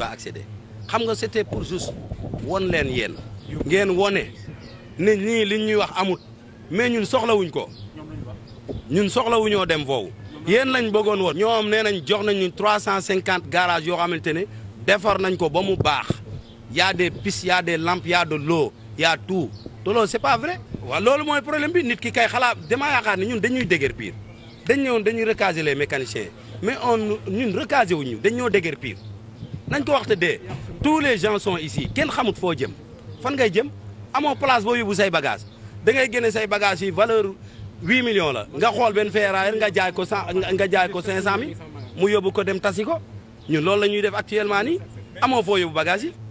va accéder xam nga c'était pour juste won leen yéen ngeen wone ne ñii li ñuy wax amut mais ñun soxla soxlawuñ ko ñun soxlawuñoo dem foofu yéen lañ bëggoon woon ñoom nee nañ jox nañ ñun trois cent cinquante garages yoo xamante ne defar nañ ko ba mu baax y a des pistes des lampes de l'eau yaa a tout te loolu c'est pas vrai wa loolu mooy problème bi nit ki kay xalaat damaa yaakaar ne ñun dañuy dégër piir dañ ñëwoon dañuy recaser les mécaniciens mais on ñun recaser wuñ ñu dañ ñoo dégër piir nañ ko waxte dee tous les gens sont kenn xamut foo jëm fan ngay jëm amoo place boo yóbbu say bagage da ngay génne say bagage yi valeur huit millions la nga xool benn ferrailleur nga jaay ko cent nga jaay ko cinq cent mille mu yóbbu ko dem tasi ko ñun loolu la ñuy def actuellement ni amoo foo yóbbu bagage yi